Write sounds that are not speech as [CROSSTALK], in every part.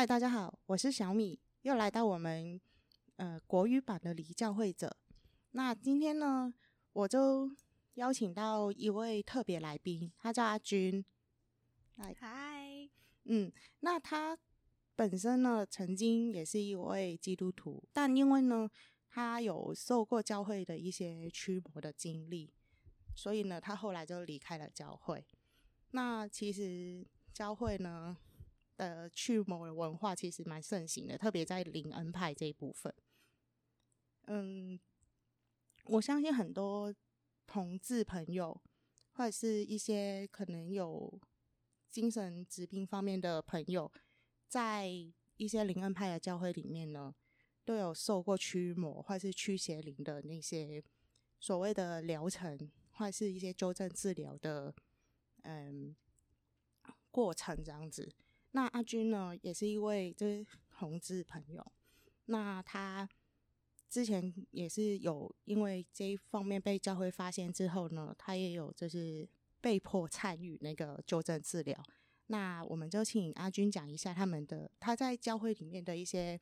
嗨，Hi, 大家好，我是小米，又來到我們呃國語版的離教會者。那今天呢，我就邀請到一位特別來賓，他叫阿君。嗨 Hi，嗯，那他本身呢，曾經也是一位基督徒，但因為呢，他有受過教會的一些驅魔的經歷，所以呢，他後來就離開了教會。那其實教會呢，的驅魔文化其實蠻盛行的，特別在靈恩派這一部分。嗯，我相信很多同志朋友，或者是一些可能有精神疾病方面的朋友，在一些靈恩派的教會裡面呢，都有受過驅魔或是驅邪靈的那些所謂的療程，或是一些糾正治療的嗯過程，這樣子。那阿君呢，也是一位就是同志朋友。那他之前也是有因為這一方面被教會發現之後呢，他也有就是被迫參與那個糾正治療。那我們就請阿君講一下他們的他在教會裡面的一些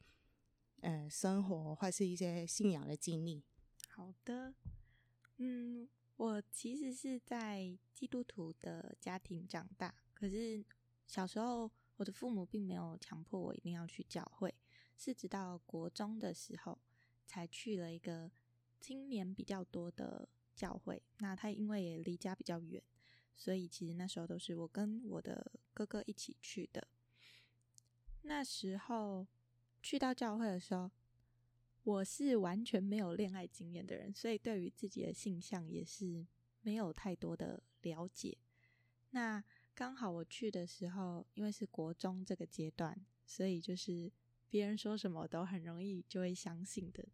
呃生活或是一些信仰的經歷。好的，嗯，我其實是在基督徒的家庭長大，可是小時候。我的父母並沒有強迫我一定要去教會，是直到國中的時候才去了一個青年比較多的教會。那他因為也離家比較遠，所以其實那時候都是我跟我的哥哥一起去的。那時候去到教會的時候，我是完全沒有戀愛經驗的人，所以對於自己的性向也是沒有太多的了解。那剛好我去的時候，因為是國中這個階段，所以就是別人說什麼都很容易就會相信的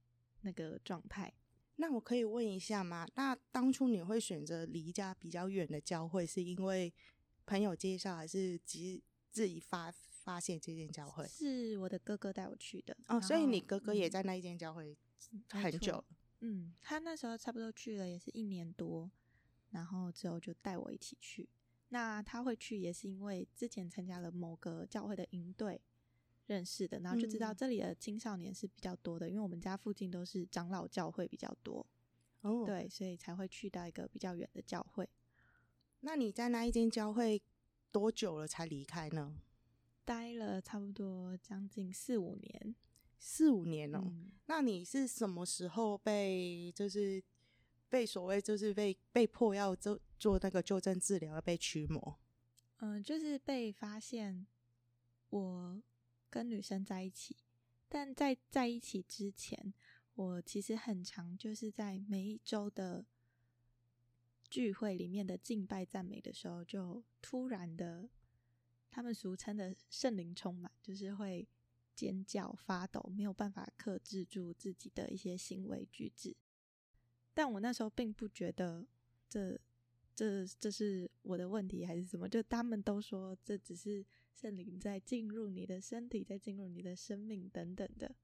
那個狀態。那我可以問一下嗎？那當初你會選擇離家比較遠的教會，是因為朋友介紹，還是自己自己發發現這間教會？是我的哥哥帶我去的。哦，所以你哥哥也在那間教會很久。嗯，嗯，他那時候差不多去了也是一年多，然後之後就帶我一起去。那他會去，也是因為之前參加了某個教會的營隊認識的，然後就知道這裡的青少年是比較多的，嗯、因為我們家附近都是長老教會比較多，哦，對，所以才會去到一個比較遠的教會。那你在那一間教會多久了才離開呢？待了差不多將近四五年，四五年哦、喔。嗯、那你是什麼時候被就是？被所謂就是被被迫要做做那個糾正治療，要被驅魔。嗯、呃，就是被發現我跟女生在一起，但在在一起之前，我其實很常就是在每一周的聚會裡面的敬拜讚美的時候，就突然的，他們俗稱的聖靈充滿，就是會尖叫發抖，沒有辦法克制住自己的一些行為舉止。但我那時候並不覺得這這這是我的問題還是什麼，就他們都說這只是聖靈在進入你的身體，在進入你的生命等等的。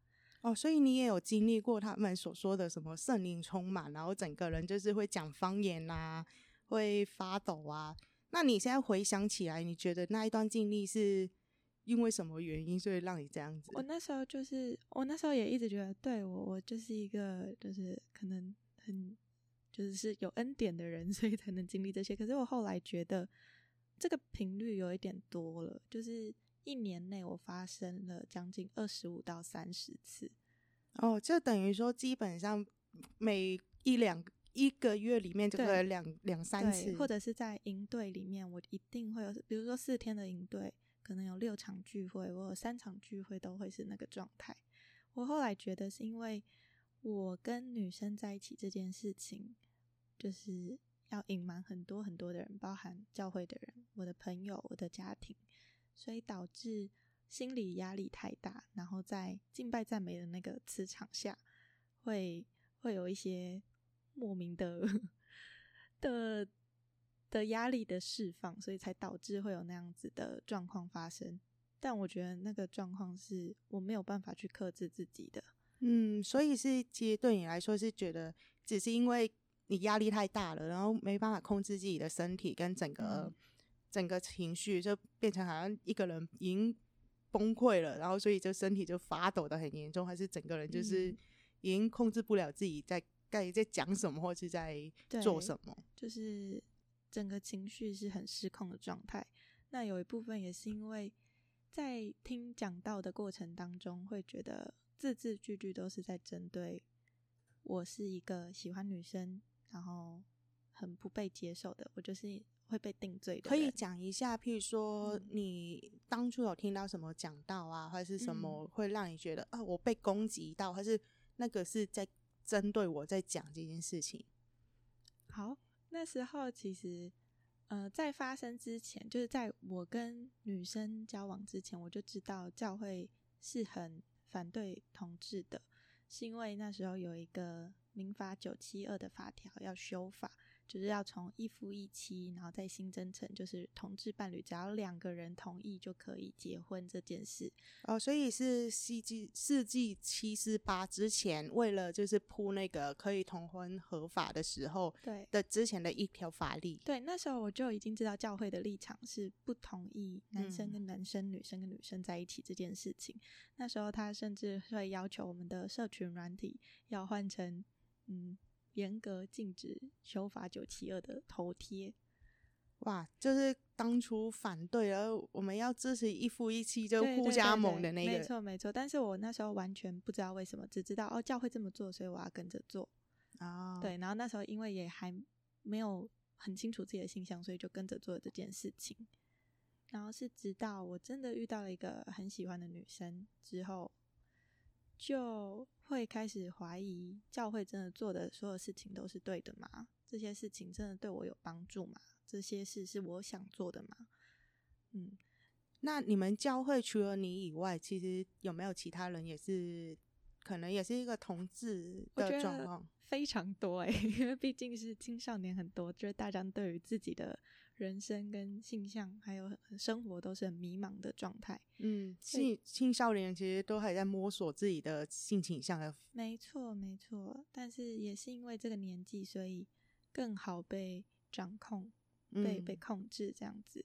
哦，所以你也有經歷過他們所說的什麼聖靈充滿，然後整個人就是會講方言啊，會發抖啊。那你現在回想起來，你覺得那一段經歷是因為什麼原因，所以讓你這樣子？我那時候就是我那時候也一直覺得，對我我就是一個就是可能。嗯，就是，是有恩典的人，所以才能經歷這些。可是我後來覺得這個頻率有一點多了，就是一年內我發生了將近二十五到三十次。哦，就等於說基本上每一兩個一個月裡面就會有兩對兩三次，或者是在營隊裡面，我一定會有，比如說四天的營隊，可能有六場聚會，我有三場聚會都會是那個狀態。我後來覺得是因為。我跟女生在一起這件事情，就是要隱瞞很多很多的人，包含教會的人、我的朋友、我的家庭，所以導致心理壓力太大，然後在敬拜讚美的那個磁場下，會會有一些莫名的的的壓力的釋放，所以才導致會有那樣子的狀況發生。但我覺得那個狀況是我沒有辦法去克制自己的。嗯，所以是其實對你來說是覺得只是因為你壓力太大了，然後沒辦法控制自己的身體跟整個、嗯、整個情緒，就變成好像一個人已經崩潰了，然後所以就身體就發抖得很嚴重，還是整個人就是已經控制不了自己在在在講什麼或是在做什麼，就是整個情緒是很失控的狀態。那有一部分也是因為在聽講道的過程當中會覺得。字字句句都是在針對我，是一個喜歡女生，然後很不被接受的，我就是會被定罪的。可以講一下，譬如說、嗯、你當初有聽到什麼講道啊，或者是什麼會讓你覺得、嗯、啊，我被攻擊到，或是那個是在針對我在講這件事情？好，那時候其實，呃，在發生之前，就是在我跟女生交往之前，我就知道教會是很。反對同志的，是因為那時候有一個《民法九七二》的法條要修法。就是要從一夫一妻，然後再新增成，就是同志伴侶，只要兩個人同意就可以結婚這件事。哦，所以是世紀世紀七四八之前，為了就是鋪那個可以同婚合法的時候的之前的一條法律。對，對，那時候我就已經知道教會的立場是不同意男生跟男生、嗯、女生跟女生在一起這件事情。那時候他甚至會要求我們的社群軟體要換成嗯。嚴格禁止修法九七二的頭貼，哇！就是當初反對了，而我們要支持一夫一妻，就護家盟的那個，對對對對，沒錯沒錯。但是我那時候完全不知道為什麼，只知道哦教會這麼做，所以我要跟着做哦。對，然後那時候因為也還沒有很清楚自己的性向，所以就跟着做了這件事情。然後是直到我真的遇到了一個很喜歡的女生之後。就會開始懷疑教會真的做的所有事情都是對的嗎？這些事情真的對我有幫助嗎？這些事是我想做的嗎？嗯，那你們教會除了你以外，其實有沒有其他人也是？可能也是一個同志的狀況非常多哎、欸，因為畢竟是青少年很多，就是大家對於自己的人生跟性向還有生活都是很迷茫的狀態。嗯，所以青少年其實都還在摸索自己的性傾向的。嗯、的的沒錯，沒錯。但是也是因為這個年紀，所以更好被掌控，被、嗯、被控制這樣子。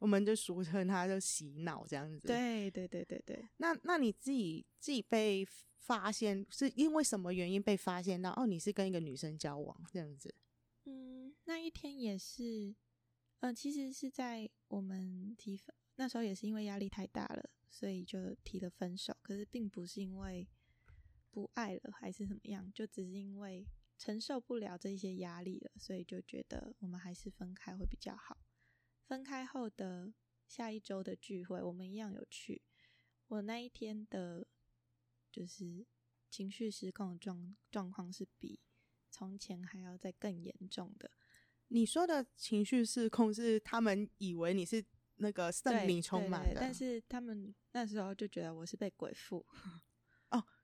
我們就俗稱他就洗腦這樣子。對，對對對對對。那那你自己自己被。發現是因為什麼原因被發現到哦？你是跟一個女生交往這樣子？嗯，那一天也是，嗯、呃，其實是在我們提分那時候也是因為壓力太大了，所以就提了分手。可是並不是因為不愛了還是怎麼樣，就只是因為承受不了這些壓力了，所以就覺得我們還是分開會比較好。分開後的下一周的聚會，我們一樣有去。我那一天的。就是情緒失控的狀狀況是比從前還要再更嚴重的。你說的情緒失控是他們以為你是那個聖靈充滿的。對對對，但是他們那時候就覺得我是被鬼附。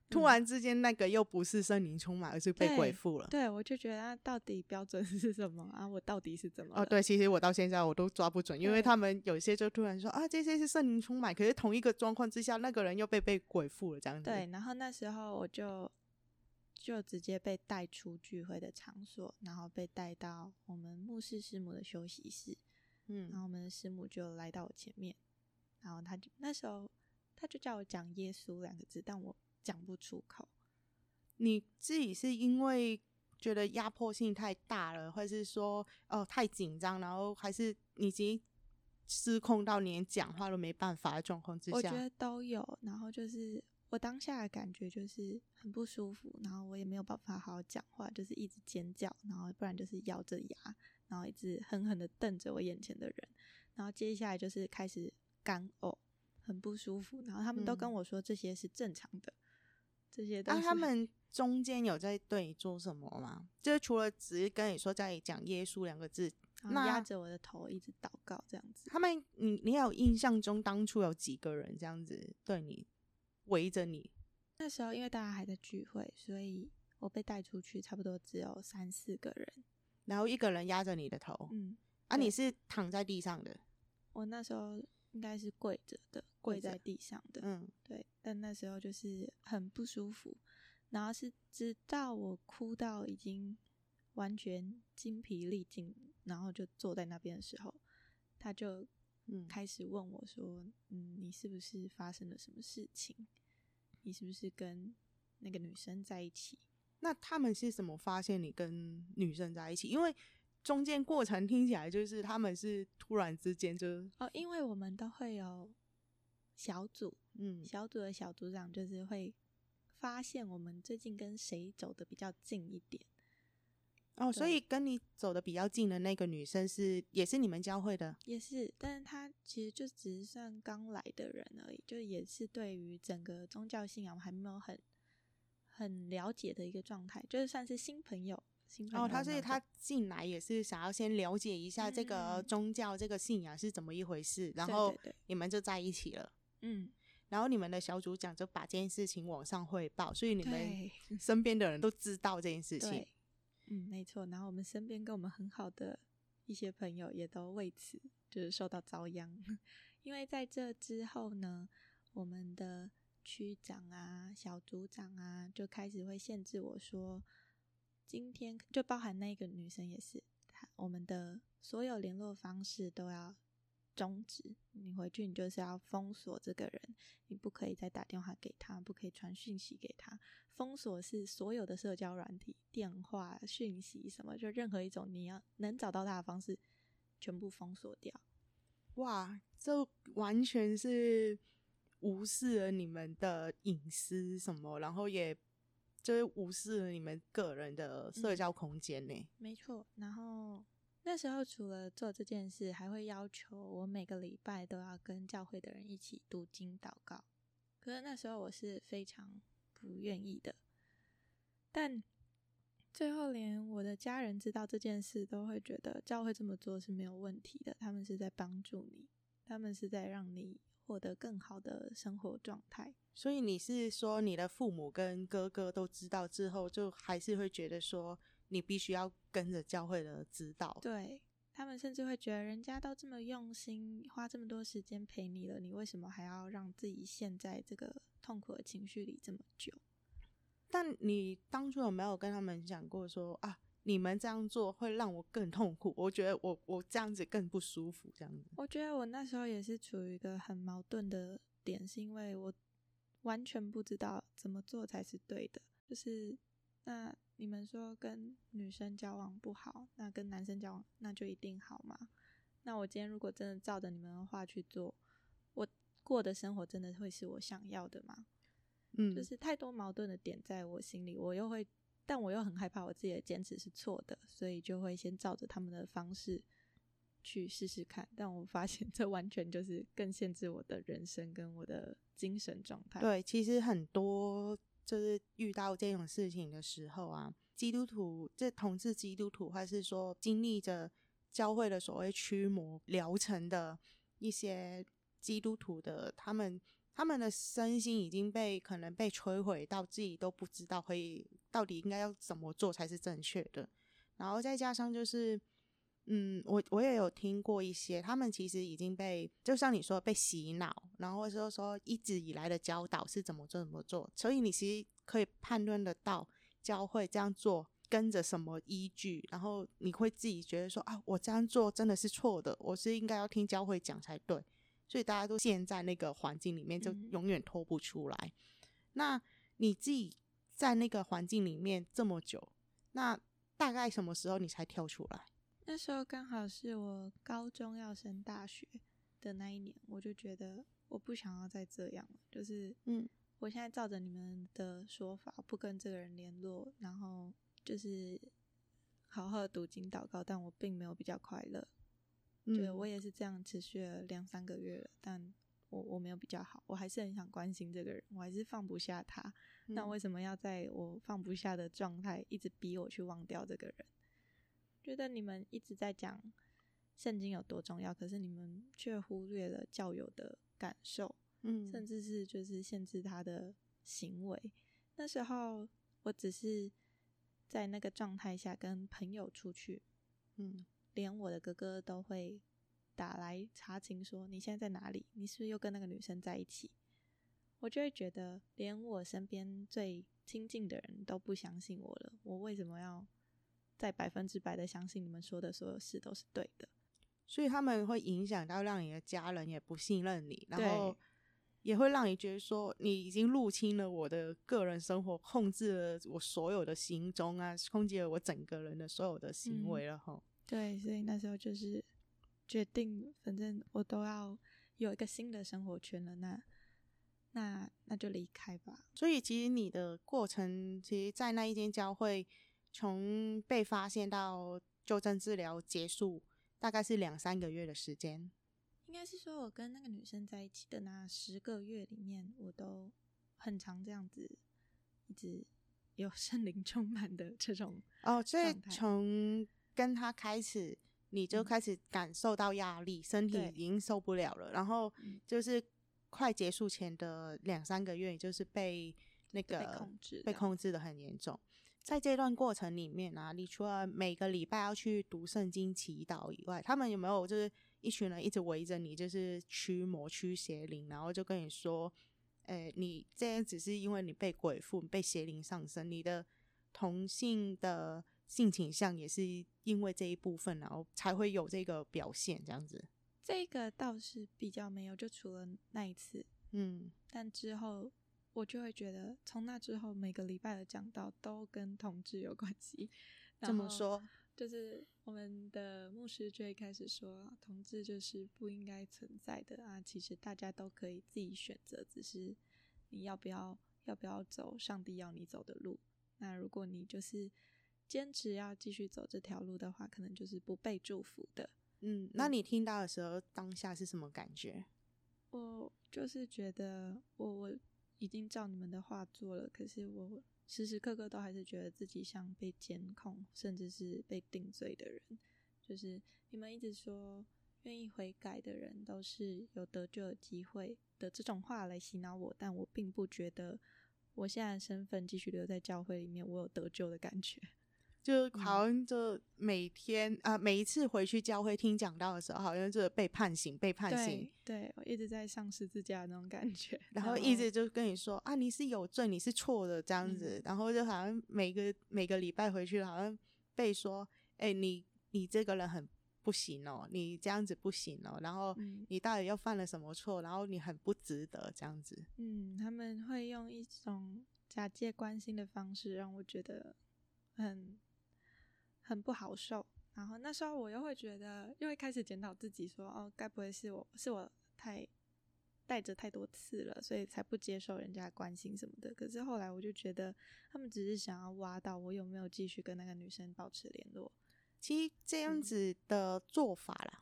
突然之間，那個又不是聖靈充滿，嗯、而是被鬼附了對。對，我就覺得，啊、到底標準是什麼啊？我到底是怎麼？哦，對，其實我到現在我都抓不準，對因為他們有些就突然說啊，這些是聖靈充滿，可是同一個狀況之下，那個人又被被鬼附了這樣子。對，然後那時候我就就直接被帶出聚會的場所，然後被帶到我們牧師師母的休息室。嗯，然後我們的師母就來到我前面，然後他就那時候他就叫我講耶穌兩個字，但我。講不出口，你自己是因為覺得壓迫性太大了，或是說哦、呃、太緊張，然後還是已經失控到連講話都沒辦法的狀況之下？我覺得都有。然後就是我當下的感覺就是很不舒服，然後我也沒有辦法好好講話，就是一直尖叫，然後不然就是咬着牙，然後一直狠狠的瞪着我眼前的人，然後接下來就是開始乾嘔，很不舒服。然後他們都跟我說這些是正常的。嗯。這些、啊，他們中間有在對你做什麼嗎？就是除了只是跟你說在講耶穌兩個字，壓着我的頭一直禱告這樣子。那他們，你你有印象中當初有幾個人這樣子對你圍着你？那時候因為大家還在聚會，所以我被帶出去，差不多只有三四個人，然後一個人壓着你的頭。嗯，啊，對你是躺在地上的。我那時候。應該是跪着的，跪在地上的，嗯，對。但那時候就是很不舒服，然後是直到我哭到已經完全精疲力盡，然後就坐在那邊的時候，他就開始問我說：“嗯，嗯，你是不是發生了什麼事情？你是不是跟那個女生在一起？”那他們是怎麼發現你跟女生在一起？因為中間過程聽起來就是他們是突然之間就哦，因為我們都會有小組，嗯，小組的小組長就是會發現我們最近跟誰走的比較近一點。哦，對，所以跟你走的比較近的那個女生是也是你們教會的？也是，但是她其實就只是算剛來的人而已，就也是對於整個宗教信仰還沒有很很了解的一個狀態，就是算是新朋友。哦，他是他進來也是想要先了解一下這個宗教、嗯、這個信仰是怎麼一回事，然後你們就在一起了。對對對，嗯，然後你們的小組長就把這件事情往上匯報，所以你們身邊的人都知道這件事情，嗯，沒錯。然後我們身邊跟我們很好的一些朋友也都為此就是受到遭殃， [LAUGHS] 因為在這之後呢，我們的區長啊、小組長啊就開始會限制我說。今天就包含那個女生也是，我們的所有聯絡方式都要終止。你回去，你就是要封鎖這個人，你不可以再打電話給他，不可以傳訊息給他。封鎖是所有的社交軟體、電話、訊息什麼，就任何一種你要能找到他的方式，全部封鎖掉。哇，這完全是無視了你們的隱私什麼，然後也。就會無視你們個人的社交空間呢、嗯。沒錯，然後那時候除了做這件事，還會要求我每個禮拜都要跟教會的人一起讀經禱告。可是那時候我是非常不願意的，但最後連我的家人知道這件事，都會覺得教會這麼做是沒有問題的，他們是在幫助你，他們是在讓你。獲得更好的生活狀態。所以你是說你的父母跟哥哥都知道之後，就還是會覺得說你必須要跟着教會的指導？對，他們甚至會覺得人家都這麼用心，花這麼多時間陪你了，你為什麼還要讓自己陷在這個痛苦的情緒裡這麼久？但你當初有沒有跟他們講過說啊？你們這樣做會讓我更痛苦，我覺得我我這樣子更不舒服。這樣子，我覺得我那時候也是處於一個很矛盾的點，是因為我完全不知道怎麼做才是對的。就是那你們說跟女生交往不好，那跟男生交往那就一定好嗎？那我今天如果真的照着你們的話去做，我過的生活真的會是我想要的嗎？嗯，就是太多矛盾的點在我心裡，我又會。但我又很害怕我自己的堅持是錯的，所以就會先照着他們的方式去試試看。但我發現這完全就是更限制我的人生跟我的精神狀態。對，其實很多就是遇到這種事情的時候啊，基督徒，這同志基督徒，還是說經歷着教會的所謂驅魔療程的一些基督徒的，他們他們的身心已經被可能被摧毀到自己都不知道可以。到底應該要怎麼做才是正確的？然後再加上就是，嗯，我我也有聽過一些，他們其實已經被，就像你說被洗腦，然後或者說一直以來的教導是怎麼做怎麼做，所以你其實可以判斷得到教會這樣做跟着什麼依據，然後你會自己覺得說啊，我這樣做真的是錯的，我是應該要聽教會講才對，所以大家都陷在那個環境裡面就永遠脫不出來。嗯、那你自己。在那個環境裡面這麼久，那大概什麼時候你才跳出來？那時候剛好是我高中要升大學的那一年，我就覺得我不想要再這樣了。就是嗯，我現在照着你們的說法，不跟這個人聯絡，然後就是好好讀經禱告，但我並沒有比較快樂。對，我也是這樣持續了兩三個月了，但我我沒有比較好，我還是很想關心這個人，我還是放不下他。那為什麼要在我放不下的狀態一直逼我去忘掉這個人？嗯、覺得你們一直在講聖經有多重要，可是你們卻忽略了教友的感受，嗯，甚至是就是限制他的行為。那時候我只是在那個狀態下跟朋友出去，嗯，連我的哥哥都會打來查情，說你現在在哪裡？你是不是又跟那個女生在一起？我就會覺得，連我身邊最親近的人都不相信我了。我為什麼要再百分之百的相信你們說的所有事都是對的？所以他們會影響到讓你的家人也不信任你，然後也會讓你覺得說你已經入侵了我的個人生活，控制了我所有的行蹤啊，控制了我整個人的所有的行為了。嗯，對，所以那時候就是決定，反正我都要有一個新的生活圈了。那。那那就離開吧。所以其實你的過程，其實在那一間教會，從被發現到糾正治療結束，大概是兩三個月的時間。應該是說，我跟那個女生在一起的那十個月裡面，我都很常這樣子，一直有聖靈充滿的這種哦。所以從跟他開始，你就開始感受到壓力，嗯、身體已經受不了了，對然後就是。快結束前的兩三個月，就是被那個被控制的很嚴重。在這段過程裡面啊，你除了每個禮拜要去讀聖經、祈禱以外，他們有沒有就是一群人一直圍着你，就是驅魔、驅邪靈，然後就跟你說，誒、欸，你這樣只是因為你被鬼附、被邪靈上身，你的同性的性傾向也是因為這一部分，然後才會有這個表現，這樣子。這個倒是比較沒有，就除了那一次，嗯，但之後我就會覺得，從那之後每個禮拜的講道都跟同志有關係。怎麼說，就是我們的牧師就會開始說，同志就是不應該存在的啊。其實大家都可以自己選擇，只是你要不要，要不要走上帝要你走的路。那如果你就是堅持要繼續走這條路的話，可能就是不被祝福的。嗯，那你聽到的時候，嗯、當下是什麼感覺？我就是覺得我，我我已經照你們的話做了，可是我時時刻刻都還是覺得自己像被監控，甚至是被定罪的人。就是你們一直說，願意悔改的人都是有得救的機會的，這種話來洗腦我，但我並不覺得我現在的身份繼續留在教會裡面，我有得救的感覺。就好像就每天啊，每一次回去教會聽講道的時候，好像就是被判刑，被判刑對。對，我一直在上十字架的那種感覺。然後一直就跟你說啊，你是有罪，你是錯的這樣子。嗯、然後就好像每個每個禮拜回去，好像被說，哎、欸，你你這個人很不行哦，你這樣子不行哦。然後你到底又犯了什麼錯？然後你很不值得這樣子。嗯，他們會用一種假借關心的方式，讓我覺得很。很不好受，然後那時候我又會覺得，又會開始檢討自己說，說哦，該不會是我，是我太帶着太多刺了，所以才不接受人家的關心什麼的。可是後來我就覺得，他們只是想要挖到我有沒有繼續跟那個女生保持聯絡。其實這樣子的做法啦，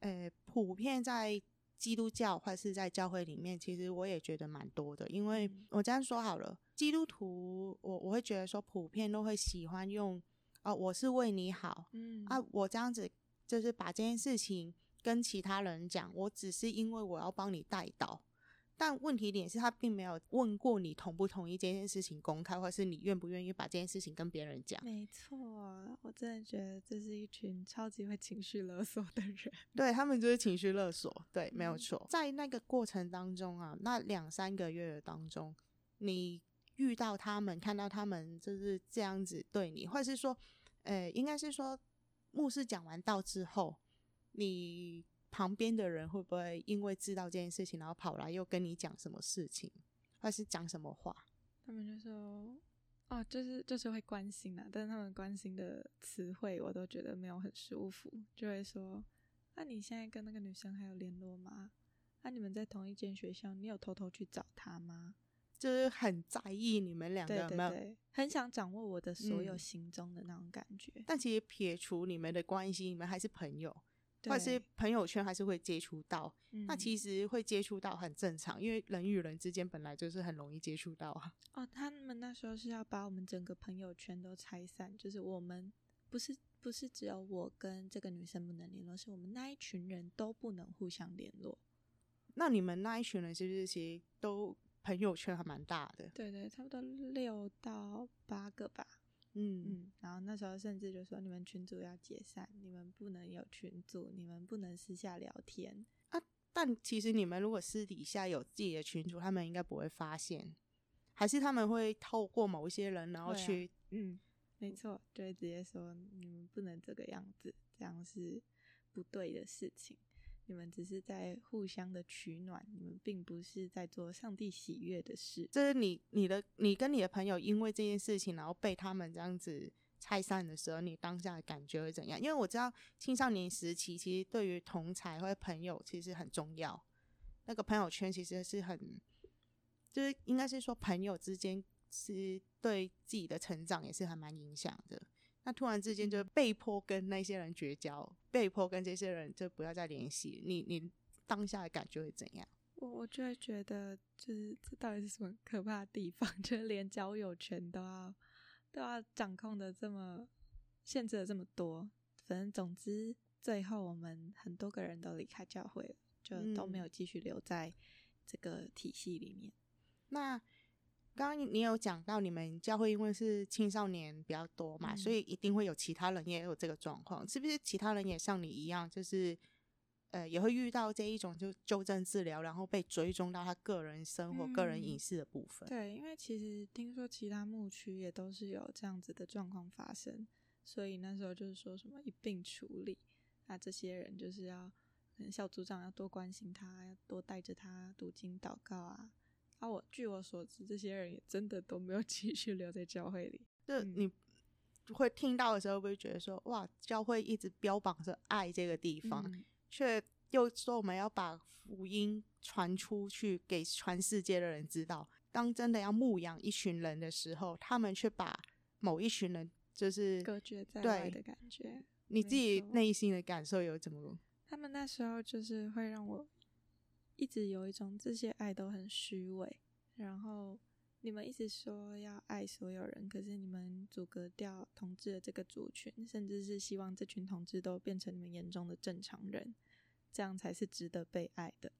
嗯欸、普遍在基督教或是在教會裡面，其實我也覺得蠻多的。因為我這樣說好了，基督徒我，我我會覺得說，普遍都會喜歡用。哦，我是為你好，嗯啊，我這樣子就是把這件事情跟其他人講，我只是因為我要幫你帶到。但問題點是他並沒有問過你同不同意這件事情公開，或是你願不願意把這件事情跟別人講。沒錯，我真的覺得這是一群超級會情緒勒索的人。對，他們就是情緒勒索，對，沒有錯。嗯、在那個過程當中啊，那兩三個月當中，你遇到他們，看到他們就是這樣子對你，或者是說。呃、欸，應該是說，牧師講完道之後，你旁邊的人會不會因為知道這件事情，然後跑來又跟你講什麼事情，或是講什麼話？他們就說，哦、啊，就是就是會關心的、啊，但是他們關心的詞彙我都覺得沒有很舒服，就會說，那、啊、你現在跟那個女生還有聯絡嗎？啊，你們在同一間學校，你有偷偷去找她嗎？就是很在意你們兩個有沒有，對對對，很想掌握我的所有行蹤的那種感覺。嗯，但其實撇除你們的關係，你們還是朋友，對，或者是朋友圈還是會接觸到。嗯，那其實會接觸到很正常，因為人與人之間本來就是很容易接觸到啊。哦，他們那時候是要把我們整個朋友圈都拆散，就是我們不是不是只有我跟這個女生不能聯絡，是我們那一群人都不能互相聯絡。那你們那一群人是不是其實都？朋友圈還蠻大的，對，對對，差不多六到八個吧。嗯，嗯，然後那時候甚至就說，你們群組，要解散，你們不能有群組，你們不能私下聊天啊。但其實你們如果私底下有自己的群組，他們應該不會發現，還是他們會透過某些人，然後去，啊、嗯，沒錯，對，直接說你們不能這個樣子，這樣是不對的事情。你們只是在互相的取暖，你們並不是在做上帝喜悅的事。就是你、你的、你跟你的朋友，因為這件事情，然後被他們這樣子拆散的時候，你當下的感覺會怎樣？因為我知道青少年時期，其實對於同儕或者朋友其實很重要。那個朋友圈其實是很，就是應該是說朋友之間是對自己的成長也是很蠻影響的。那突然之間就被迫跟那些人絕交，被迫跟這些人就不要再聯繫，你你當下的感覺會怎樣？我我就會覺得就是這到底是什麼可怕的地方？就是連交友權都要都要掌控的這麼限制了這麼多。反正總之最後我們很多個人都離開教會，就都沒有繼續留在這個體系裡面。嗯，那。剛剛你有講到你們教會因為是青少年比較多嘛，嗯、所以一定會有其他人也有這個狀況，是不是？其他人也像你一樣，就是呃，也會遇到這一種就糾正治療，然後被追蹤到他個人生活、嗯、個人隱私的部分。對，因為其實聽說其他牧區也都是有這樣子的狀況發生，所以那時候就是說什麼一併處理，那這些人就是要小組長要多關心他，要多帶着他讀經禱告啊。啊、我據我所知，這些人也真的都沒有繼續留在教會裡。就你會聽到的時候，會不會覺得說，哇，教會一直標榜着愛這個地方，卻、嗯、又說我們要把福音傳出去給全世界的人知道。當真的要牧養一群人的時候，他們卻把某一群人就是隔絕在外的感覺。你自己內心的感受有怎麼？他們那時候就是會讓我。一直有一種這些愛都很虛偽，然後你們一直說要愛所有人，可是你們阻隔掉同志的這個族群，甚至是希望這群同志都變成你們眼中的正常人，這樣才是值得被愛的。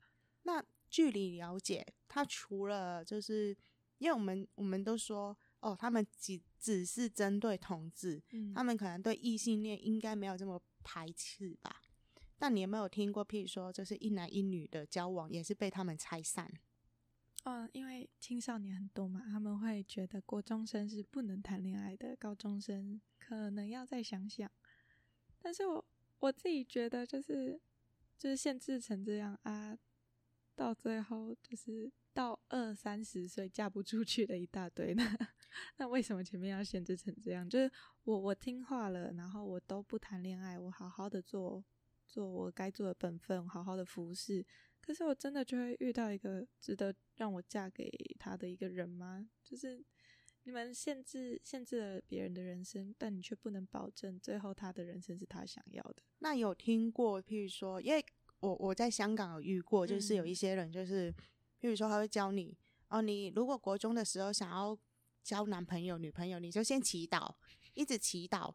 那據你了解他，除了就是因為我們我們都說哦，他們只只是針對同志，嗯、他們可能對異性戀應該沒有這麼排斥吧。那你有沒有聽過，譬如說，就是一男一女的交往也是被他們拆散？嗯，因為青少年很多嘛，他們會覺得國中生是不能談戀愛的，高中生可能要再想想。但是我我自己覺得，就是就是限制成這樣啊，到最後就是到二三十歲嫁不出去的一大堆呢。那那為什麼前面要限制成這樣？就是我我聽話了，然後我都不談戀愛，我好好的做。做我該做的本分，好好的服侍。可是我真的就會遇到一個值得讓我嫁給他的一個人嗎？就是你們限制限制了別人的人生，但你卻不能保證最後他的人生是他想要的。那有聽過，譬如說，因為我我在香港有遇過，就是有一些人，就是、嗯、譬如說，他會教你哦，你如果國中的時候想要交男朋友女朋友，你就先祈禱，一直祈禱。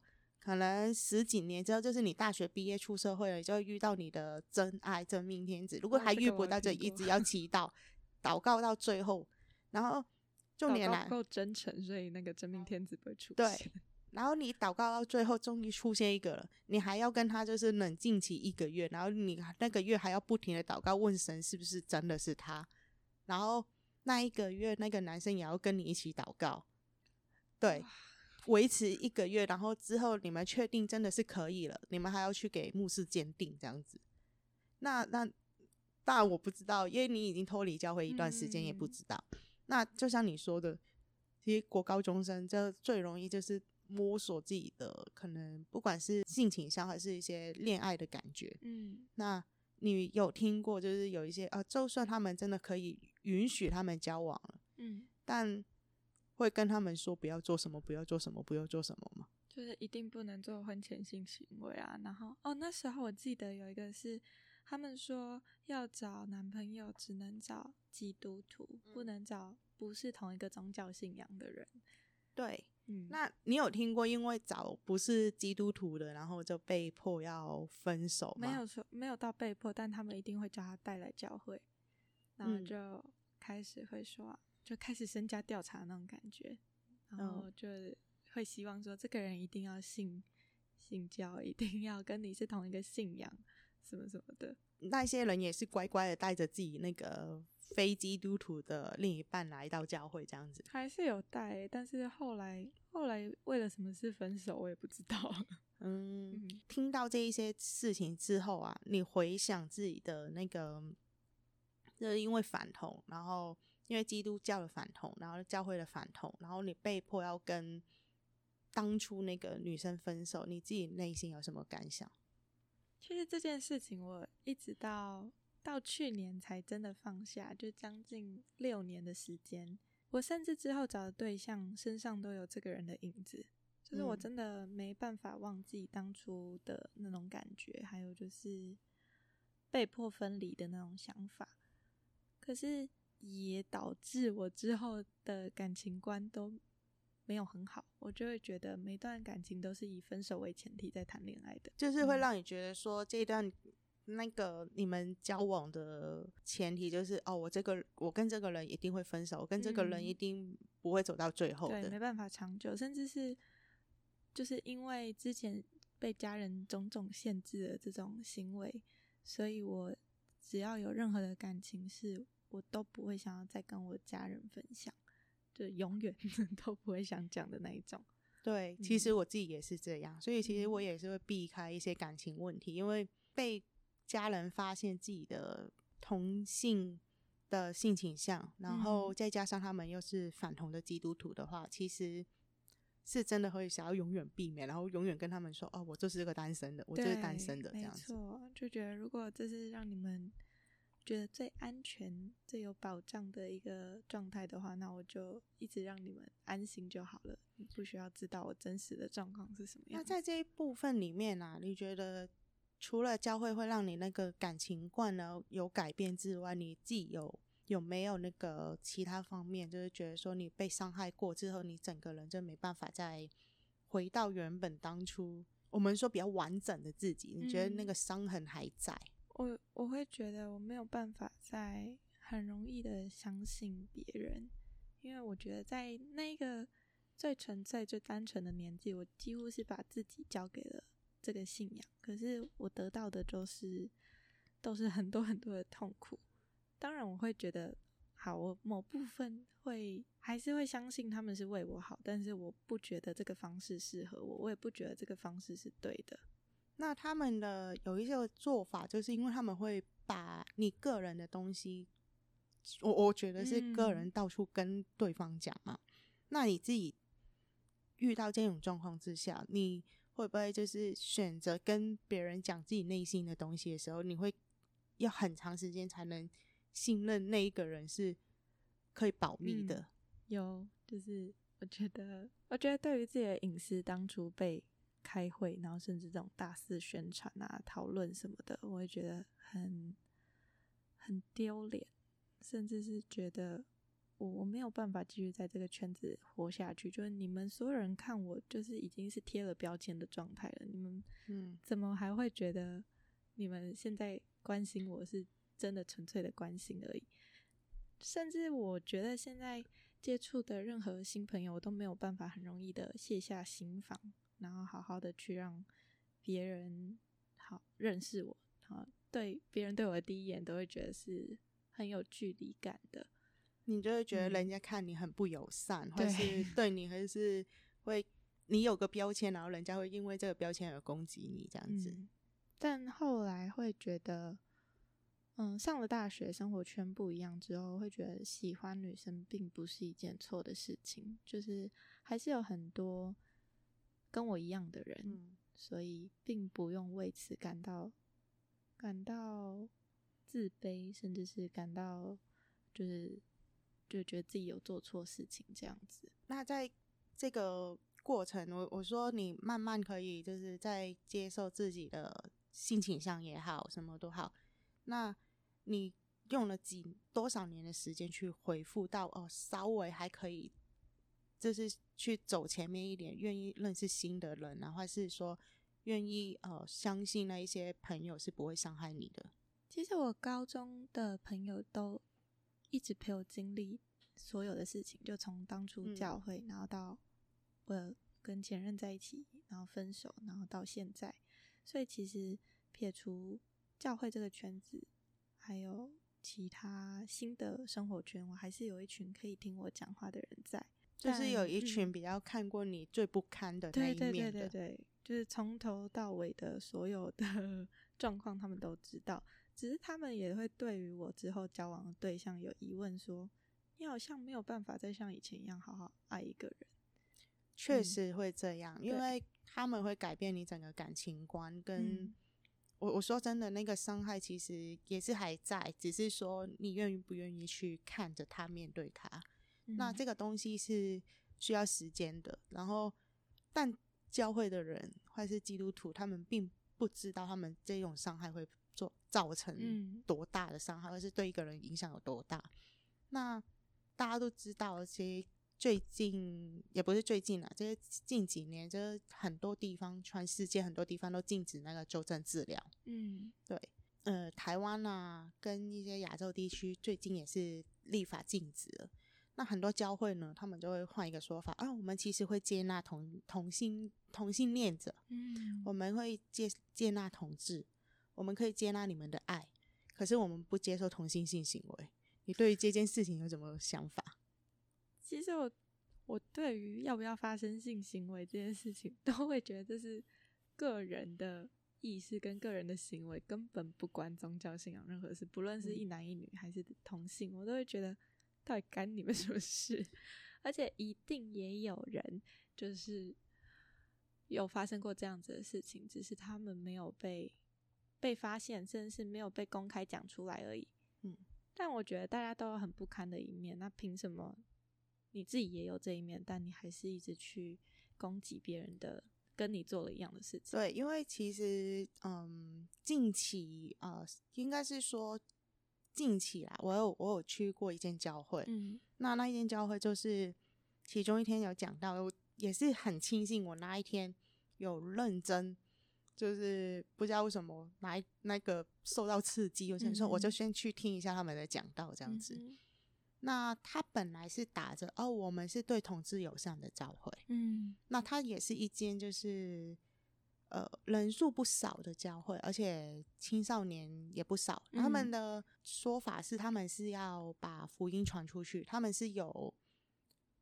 可能十幾年之後，就是你大學畢業出社會了，就會遇到你的真愛真命天子。如果還遇不到，就一直要祈禱，禱告到最後。然後，就你不夠真誠，所以那個真命天子不會出現。對，然後你禱告到最後，終於出現一個了，你還要跟他就是冷靜期一個月，然後你那個月還要不停的禱告，問神是不是真的是他。然後那一個月，那個男生也要跟你一起禱告，對。維持一個月，然後之後你們確定真的是可以了，你們還要去給牧師鑑定這樣子。那那當然我不知道，因為你已經脫離教會一段時間，嗯、也不知道。那就像你說的，其實國高中生就最容易就是摸索自己的可能，不管是性傾向還是一些戀愛的感覺。嗯，那你有聽過就是有一些啊，就算他們真的可以允許他們交往了，嗯，但。會跟他們說不要做什麼，不要做什麼，不要做什麼，做什麼嗎？就是一定不能做婚前性行為啊。然後哦，那時候我記得有一個是，他們說要找男朋友只能找基督徒，嗯、不能找不是同一個宗教信仰的人。對，嗯，那你有聽過因為找不是基督徒的，然後就被迫要分手嗎？沒有說沒有到被迫，但他們一定會叫他帶來教會，然後就開始會說。嗯就開始身家調查那種感覺，然後就會希望說這個人一定要信信教，一定要跟你是同一個信仰，什麼什麼的。那些人也是乖乖的帶着自己那個非基督徒的另一半來到教會，這樣子還是有帶。欸，但是後來後來為了什麼事分手，我也不知道。嗯，聽到這一些事情之後啊，你回想自己的那個，就是因為反同，然後。因為基督教的反同，然後教會的反同，然後你被迫要跟當初那個女生分手，你自己內心有什麼感想？其實這件事情，我一直到到去年才真的放下，就將近六年的時間。我甚至之後找的對象身上都有這個人的影子，就是我真的沒辦法忘記當初的那種感覺，還有就是被迫分離的那種想法。可是，也導致我之後的感情觀都沒有很好，我就會覺得每段感情都是以分手為前提在談戀愛的，就是會讓你覺得說這一段那個你們交往的前提就是哦，我這個我跟這個人一定會分手，嗯、我跟這個人一定不會走到最後，對，沒辦法長久，甚至是就是因為之前被家人種種限制的這種行為，所以我只要有任何的感情是。我都不會想要再跟我家人分享，就永遠都不會想講的那一種。對，嗯、其實我自己也是這樣，所以其實我也是會避開一些感情問題，嗯、因為被家人發現自己的同性，的性傾向，然後再加上他們又是反同的基督徒的話，嗯、其實是真的會想要永遠避免，然後永遠跟他們說：“哦，我就是個單身的，對我就是單身的。”這樣子。沒錯，就覺得如果這是讓你們，覺得最安全、最有保障的一個狀態的話，那我就一直讓你們安心就好了，不需要知道我真實的狀況是什麼樣。那在這一部分裡面啊，你覺得除了教會會讓你那個感情觀呢有改變之外，你自己有有沒有那個其他方面，就是覺得說你被傷害過之後，你整個人就沒辦法再回到原本當初，我們說比較完整的自己，你覺得那個傷痕還在？嗯我我會覺得我沒有辦法再很容易的相信別人，因為我覺得在那個最純粹、最單純的年紀，我幾乎是把自己交給了這個信仰。可是我得到的都、就是都是很多很多的痛苦。當然，我會覺得好，我某部分會還是會相信他們是為我好，但是我不覺得這個方式適合我，我也不覺得這個方式是對的。那他們的有一些做法，就是因為他們會把你個人的東西，我我覺得是個人到處跟對方講嘛。嗯，那你自己遇到這種狀況之下，你會不會就是選擇跟別人講自己內心的東西的時候，你會要很長時間才能信任那一個人是可以保密的？嗯，有，就是我覺得，我覺得對於自己的隱私，當初被。開會，然後甚至這種大肆宣傳啊、討論什麼的，我也覺得很很丟臉，甚至是覺得我我沒有辦法繼續在這個圈子活下去。就是你們所有人看我，就是已經是貼了標籤的狀態了。你們嗯，怎麼還會覺得你們現在關心我是真的純粹的關心而已？甚至我覺得現在接觸的任何新朋友，我都沒有辦法很容易的卸下心防。然後好好的去讓別人好認識我，然後，對別人對我的第一眼都會覺得是很有距離感的，你就會覺得人家看你很不友善，嗯、或是對你，還是會你有個標籤，然後人家會因為這個標籤而攻擊你這樣子、嗯。但後來會覺得，嗯，上了大學，生活圈不一樣之後，會覺得喜歡女生並不是一件錯的事情，就是還是有很多。跟我一樣的人，嗯，所以並不用為此感到感到自卑，甚至是感到就是就覺得自己有做錯事情這樣子。那在這個過程，我我說你慢慢可以就是在接受自己的性傾向也好，什麼都好。那你用了幾多少年的時間去回復到哦，稍微還可以。就是去走前面一點，願意認識新的人，然後是說願意呃相信那一些朋友是不會傷害你的。其實我高中的朋友都一直陪我經歷所有的事情，就從當初教會，然後到我跟前任在一起，然後分手，然後到現在。所以其實撇除教會這個圈子，還有其他新的生活圈，我還是有一群可以聽我講話的人在。但就是有一群比較看過你最不堪的那一面的，嗯、對，對對對對對，就是從頭到尾的所有的呵呵狀況，他們都知道。只是他們也會對於我之後交往的對象有疑問說，說你好像沒有辦法再像以前一樣好好愛一個人。確實會這樣，嗯、因為他們會改變你整個感情觀。跟、嗯、我我說真的，那個傷害其實也是還在，只是說你願意不願意去看着他面對他。那這個東西是需要時間的，然後，但教會的人或者是基督徒，他們並不知道他們這種傷害會做造成多大的傷害，或是對一個人影響有多大。那大家都知道，而且最近也不是最近了，這是近幾年，就是很多地方，全世界很多地方都禁止那個糾正治療。嗯，對，呃，台灣啊跟一些亞洲地區最近也是立法禁止了。那很多教會呢，他們就會換一個說法啊，我們其實會接納同同性同性戀者，嗯，我們會接接納同志，我們可以接納你們的愛，可是我們不接受同性性行為。你對於這件事情有什麼想法？其實我我對於要不要發生性行為這件事情，都會覺得這是個人的意識跟個人的行為，根本不關宗教信仰任何事，不論是一男一女還是同性，嗯，我都會覺得。到底干你們什麼事？而且一定也有人就是有發生過這樣子的事情，只是他們沒有被被發現，甚至是沒有被公開講出來而已。嗯，但我覺得大家都有很不堪的一面。那憑什麼你自己也有這一面，但你還是一直去攻擊別人的，跟你做了一樣的事情？對，因為其實嗯，近期啊，呃，應該是說。近期啊，我有我有去過一間教會，嗯、哼那那一間教會就是其中一天有講到，我也是很慶幸我那一天有認真，就是不知道為什麼來那個受到刺激，有、嗯、哼我就先去聽一下他們的講道這樣子。嗯、哼那他本來是打着哦，我們是對同志友善的教會，嗯，那他也是一間就是。呃，人數不少的教會，而且青少年也不少。嗯、他們的說法是，他們是要把福音傳出去。他們是有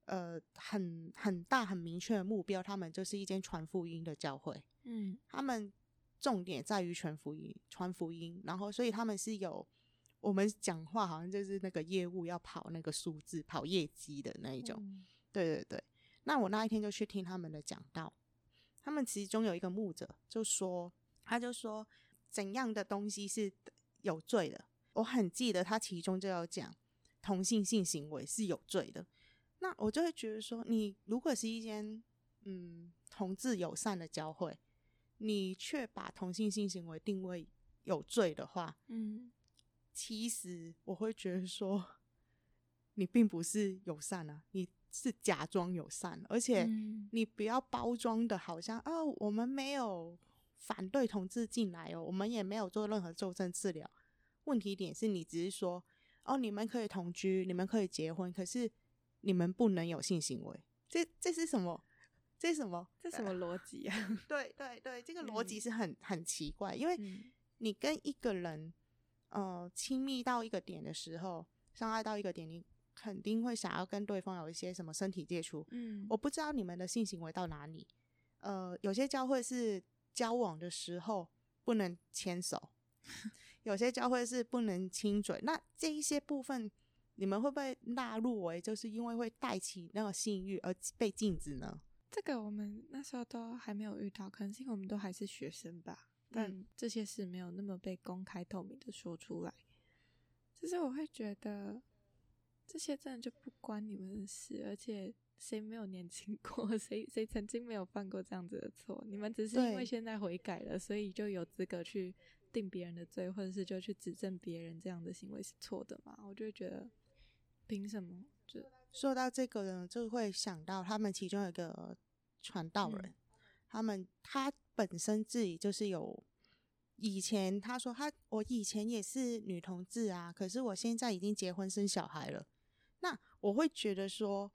呃很很大很明確的目標，他們就是一間傳福音的教會。嗯，他們重點在於傳福音，傳福音。然後，所以他們是有我們講話好像就是那個業務要跑那個數字，跑業績的那一種。嗯、對對對。那我那一天就去聽他們的講道。他們其中有一個牧者就說：“他就說怎樣的東西是有罪的，我很記得他其中就有講同性性行為是有罪的。那我就會覺得說，你如果是一間嗯同志友善的教會，你卻把同性性行為定為有罪的話，嗯，其實我會覺得說你並不是友善啊，你。”是假裝友善，而且你不要包裝的，好像、嗯、哦，我們沒有反對同志進來哦，我們也沒有做任何糾正治療。問題點是你只是說哦，你們可以同居，你們可以結婚，可是你們不能有性行為。這這是什麼？這是什麼？這是什麼邏輯啊？ [LAUGHS] 對，對對對，這個邏輯是很、嗯、很奇怪，因為你跟一個人呃親密到一個點的時候，相愛到一個點，你。肯定會想要跟對方有一些什麼身體接觸。嗯，我不知道你們的性行為到哪裡。呃，有些教會是交往的時候不能牽手，有些教會是不能親嘴。那這一些部分，你們會不會納入為就是因為會帶起那個性欲而被禁止呢？這個我們那時候都還沒有遇到，可能是因為我們都還是學生吧。但、嗯、這些事沒有那麼被公開透明的說出來。就是我會覺得。這些真的就不關你們的事，而且誰沒有年輕過，誰誰曾經沒有犯過這樣子的錯？你們只是因為現在悔改了，對所以就有資格去定別人的罪，或者是就去指證別人這樣的行為是錯的嘛？我就覺得憑什麼？就說到這個人，就會想到他們其中有一個傳道人，嗯、他們他本身自己就是有以前他說他，我以前也是女同志啊，可是我現在已經結婚生小孩了。那我會覺得說，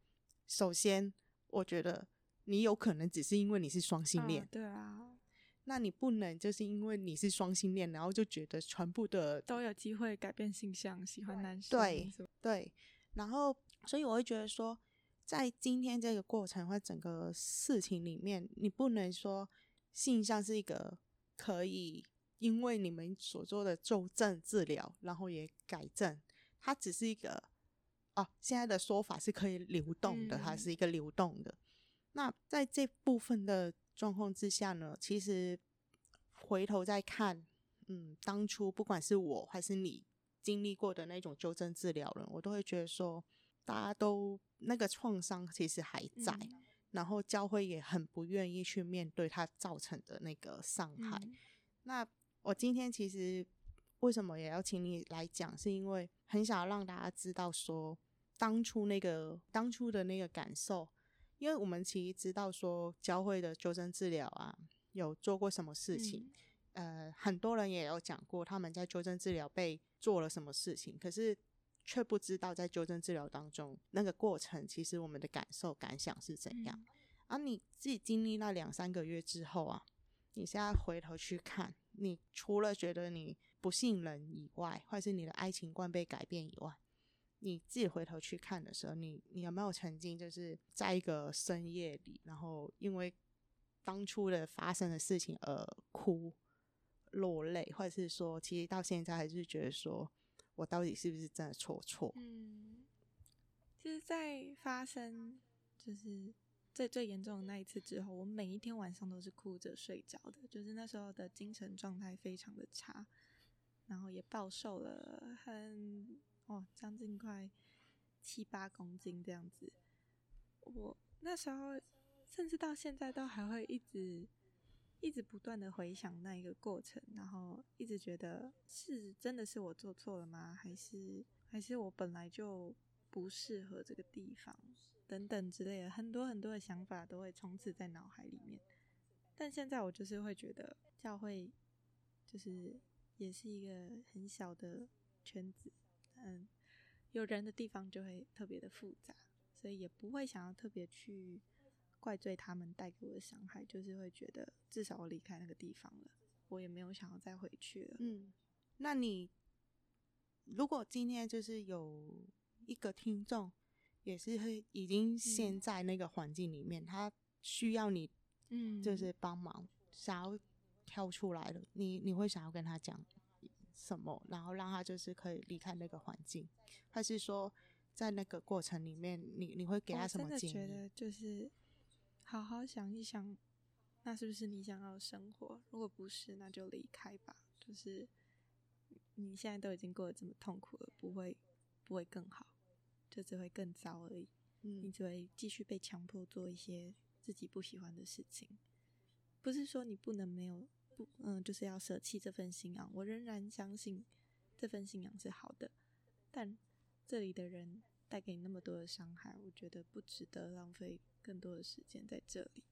首先，我覺得你有可能只是因為你是雙性戀，哦，對啊。那你不能就是因為你是雙性戀，然後就覺得全部的都有機會改變性向，對喜歡男生，對吧對。然後，所以我會覺得說，在今天這個過程或整個事情裡面，你不能說性向是一個可以因為你們所做的糾正治療，然後也改正，它只是一個。哦、啊，現在的說法是可以流動的，它是一個流動的。嗯、那在這部分的狀況之下呢，其實回頭再看，嗯，當初不管是我還是你經歷過的那種糾正治療了，我都會覺得說，大家都那個創傷其實還在，嗯、然後教會也很不願意去面對它造成的那個傷害。嗯、那我今天其實。為什麼也要請你來講？是因為很想要讓大家知道說，當初那個當初的那個感受，因為我們其實知道說，教會的糾正治療啊，有做過什麼事情，嗯、呃，很多人也有講過他們在糾正治療被做了什麼事情，可是卻不知道在糾正治療當中那個過程，其實我們的感受感想是怎樣。嗯、啊，你自己經歷那兩三個月之後啊，你現在回頭去看，你除了覺得你。不信任以外，或者是你的愛情觀被改變以外，你自己回頭去看的時候，你你有沒有曾經就是在一個深夜裡，然後因為當初的發生的事情而哭落淚，或者是說，其實到現在還是覺得說我到底是不是真的錯錯？嗯，其實在發生就是最最嚴重的那一次之後，我每一天晚上都是哭着睡着的，就是那時候的精神狀態非常的差。然後也暴瘦了，很哦，將近快七八公斤這樣子。我那時候甚至到現在都還會一直一直不斷的回想那一個過程，然後一直覺得是真的是我做錯了嗎？還是還是我本來就不適合這個地方等等之類的，很多很多的想法都會充斥在腦海裡面。但現在我就是會覺得教會就是。也是一個很小的圈子，嗯，有人的地方就會特別的複雜，所以也不會想要特別去怪罪他們帶給我的傷害，就是會覺得至少我離開那個地方了，我也沒有想要再回去了。嗯，那你如果今天就是有一個聽眾，也是會已經陷在那個環境裡面，嗯，他需要你，嗯，就是幫忙，想要。跳出來了，你你會想要跟他講什麼，然後讓他就是可以離開那個環境，還是說在那個過程裡面，你你會給他什麼？我真的覺得就是好好想一想，那是不是你想要的生活？如果不是，那就離開吧。就是你現在都已經過得這麼痛苦了，不會不會更好，就只會更糟而已。嗯，你只會繼續被強迫做一些自己不喜歡的事情，不是說你不能沒有。嗯，就是要捨棄這份信仰。我仍然相信這份信仰是好的，但這裡的人帶給你那麼多的傷害，我覺得不值得浪費更多的時間在這裡。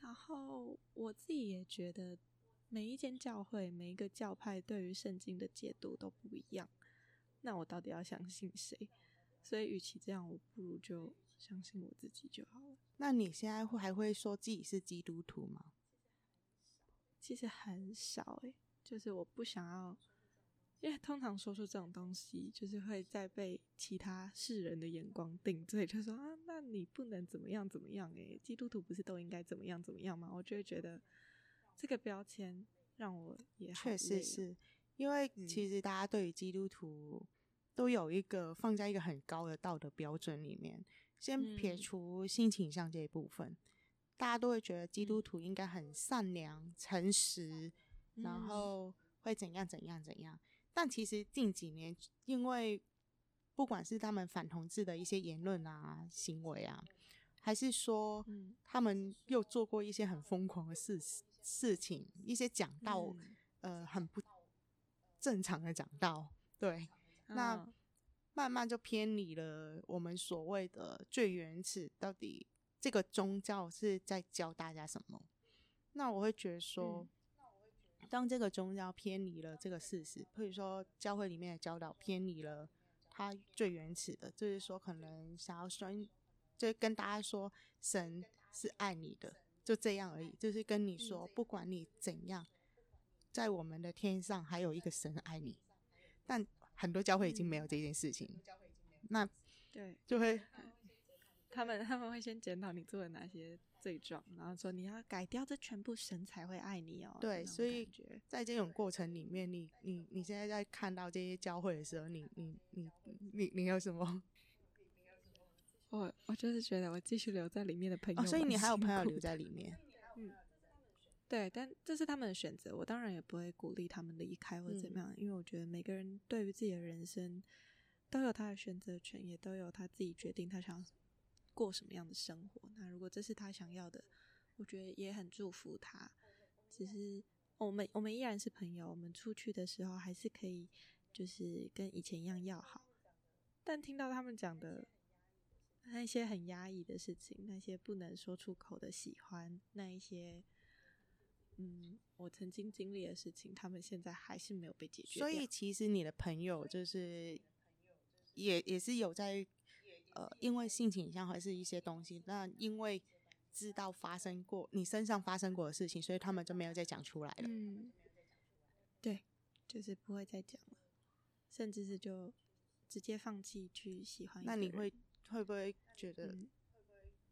然後我自己也覺得，每一間教會、每一個教派對於聖經的解讀都不一樣。那我到底要相信誰？所以，與其這樣，我不如就相信我自己就好了。那你現在會還會說自己是基督徒嗎？其實很少，欸，、就是我不想要，因為通常說出這種東西，就是會再被其他世人的眼光定罪，就說啊，那你不能怎麼樣怎麼樣，欸，、基督徒不是都應該怎麼樣怎麼樣嗎？我就會覺得這個標籤讓我也確實是因為其實大家對於基督徒都有一個放在一個很高的道德標準裡面，先撇除性傾向這一部分。大家都會覺得基督徒應該很善良、誠實，然後會怎樣怎樣怎樣。但其實近幾年，因為不管是他們反同志的一些言論啊、行為啊，還是說他們又做過一些很瘋狂的事事情，一些講道呃很不正常的講道，對，嗯、那慢慢就偏離了我們所謂的最原始到底，這個宗教是在教大家什麼？那我會覺得說，嗯、得，當這個宗教偏離了這個事實，或者說教會裡面的教導偏離了它最原始的，就是說可能想要宣，就是、跟大家說神是愛你的，就這樣而已。就是跟你說，不管你怎樣，在我們的天上還有一個神愛你。但很多教會已經沒有這件事情，嗯、那對就會。嗯他們他們會先檢討你做了哪些罪狀，然後說你要改掉這全部，神才會愛你哦。對，所以，在這種過程裡面，你你你現在在看到這些教會的時候，你你你你你，你，你有什麼？你有什麼？我我就是覺得我繼續留在裡面的朋友。哦，所以你還有朋友留在裡面。 [LAUGHS] 嗯，對，但這是他們的選擇，我當然也不會鼓勵他們離開或怎麼樣，嗯，因為我覺得每個人對於自己的人生都有他的選擇權，也都有他自己決定他想。過什麼樣的生活？那如果這是他想要的，我覺得也很祝福他。只是我們我們依然是朋友，我們出去的時候還是可以，就是跟以前一樣要好。但聽到他們講的那些很壓抑的事情，那些不能說出口的喜歡，那一些嗯，我曾經經歷的事情，他們現在還是沒有被解決。所以其實你的朋友就是也也是有在。呃，因為性傾向會是一些東西，那因為知道發生過你身上發生過的事情，所以他們就沒有再講出來了。嗯，對，就是不會再講了，甚至是就直接放棄去喜歡。那你會會不會覺得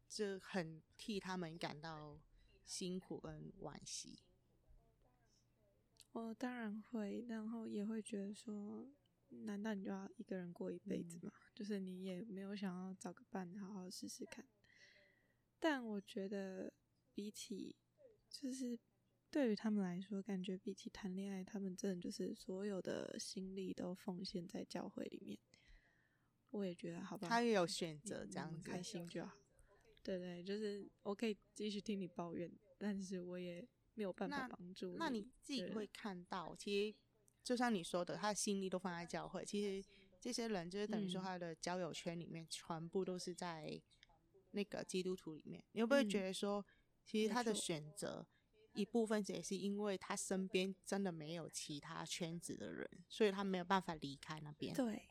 這很替他們感到辛苦跟惋惜？我當然會，然後也會覺得說，難道你就要一個人過一輩子嗎？嗯就是你也沒有想要找個伴好好試試看，但我覺得比起，就是對於他們來說，感覺比起談戀愛，他們真的就是所有的心力都奉獻在教會裡面。我也覺得好吧，他也有選擇這樣子，開心就好。對，對對，就是我可以繼續聽你抱怨，但是我也沒有辦法幫助你那。那你自己會看到，了其實就像你說的，他的心力都放在教會，其實。這些人就是等於說，他的交友圈裡面、嗯、全部都是在那個基督徒裡面。你會不會覺得說，嗯、其實他的選擇沒錯，一部分也是因為他身邊真的沒有其他圈子的人，所以他沒有辦法離開那邊。對，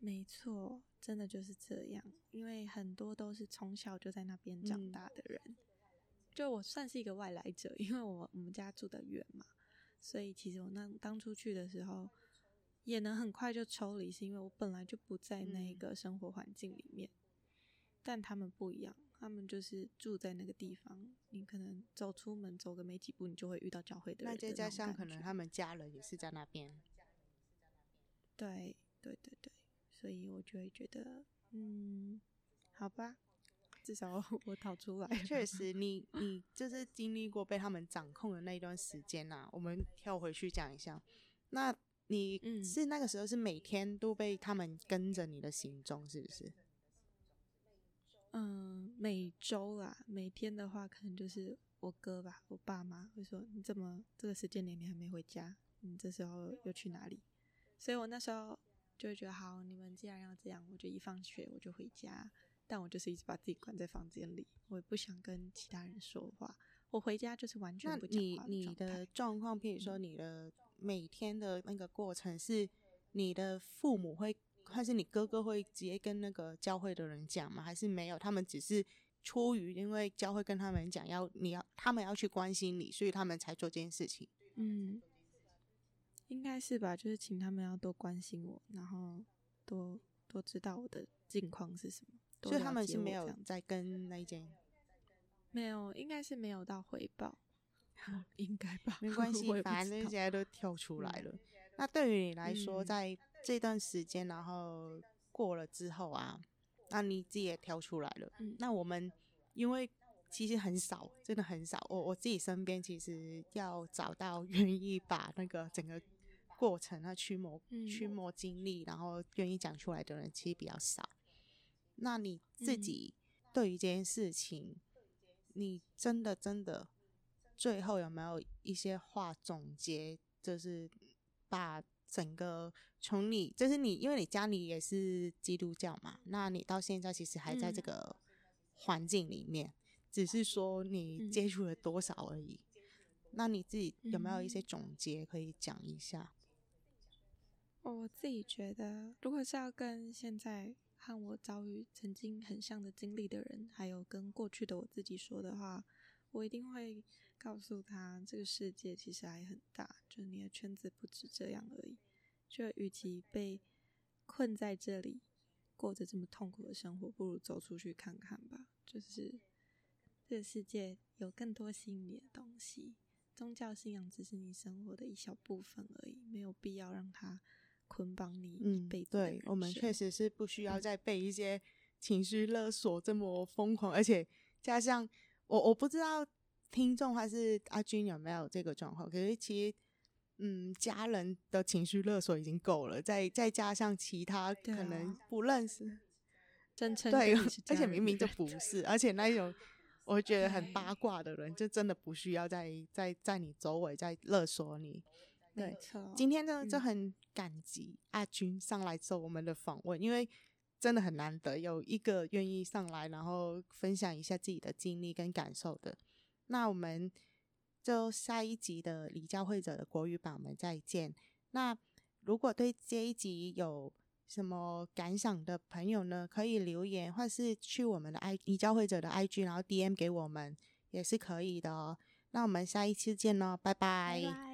沒錯，真的就是這樣。因為很多都是從小就在那邊長大的人，嗯、就我算是一個外來者，因為我我們家住得遠嘛，所以其實我那當初去的時候。也能很快就抽離，是因為我本來就不在那個生活環境裡面。嗯、但他們不一樣，他們就是住在那個地方，你可能走出門走個沒幾步，你就會遇到教會的人的那。那在家鄉，可能他們家人也是在那邊。對對對對，所以我就會覺得，嗯，好吧，至少我，我逃出來。確實你，你你就是經歷過被他們掌控的那一段時間吶、啊。我們跳回去講一下，那。你是那個時候是每天都被他們跟着你的行蹤，是不是？嗯，每周啊，每天的話，可能就是我哥吧，我爸媽會說：“你怎麼這個時間點你還沒回家？你這時候又去哪裡？”所以我那時候就覺得，好，你們既然要這樣，我就一放學我就回家。但我就是一直把自己關在房間裡，我也不想跟其他人說話。我回家就是完全不講話的狀態。那，你你的狀況，譬如說你的。每天的那個過程是你的父母會，還是你哥哥會直接跟那個教會的人講嗎？還是沒有？他們只是出於因為教會跟他們講要你要他們要去關心你，所以他們才做這件事情。嗯，應該是吧。就是請他們要多關心我，然後多多知道我的近況是什麼。所以他們是沒有在跟那一間，沒有、嗯，應該是沒有到回報。應該吧，沒關係，反正現在都跳出來了。嗯、那對於你來說，嗯、在這段時間，然後過了之後啊，那、啊啊、你自己也跳出來了。嗯、那我們因為其實很少，真的很少。我我自己身邊其實要找到願意把那個整個過程啊驅魔驅、嗯、魔經歷，然後願意講出來的人，其實比較少。那你自己對於這件事情，嗯、你真的真的。最後有沒有一些話總結？就是把整個從你，就是你，因為你家裡也是基督教嘛，那你到現在其實還在這個環境裡面，嗯。只是說你接觸了多少而已。嗯。那你自己有沒有一些總結可以講一下？我自己覺得，如果是要跟現在和我遭遇曾經很像的經歷的人，還有跟過去的我自己說的話，我一定會告訴他，這個世界其實還很大，就是你的圈子不止這樣而已。就與其被困在這裡，過着這麼痛苦的生活，不如走出去看看吧。就是這個世界有更多吸引你的東西，宗教信仰只是你生活的一小部分而已，沒有必要讓它捆綁你。嗯，被嗯，對我們確實是不需要再被一些情緒勒索這麼瘋狂，嗯，而且加上我，我不知道。聽眾還是阿軍有沒有這個狀況？可是其實，嗯，家人的情緒勒索已經夠了，再再加上其他可能不認識、啊、認識真誠是對，而且明明就不是，對而且那一種我覺得很八卦的人，就真的不需要再再對在，在你周圍再勒索你。對，沒錯，今天呢就，嗯、就很感激阿軍上來做我們的訪問，因為真的很難得有一個願意上來，然後分享一下自己的經歷跟感受的。那我們就下一集的《離教會者》的國語版，我們再見。那如果對這一集有什麼感想的朋友呢，可以留言，或是去我們的 i 離教會者的 IG，然後 DM 給我們也是可以的哦。那我們下一次見咯，拜拜。拜拜。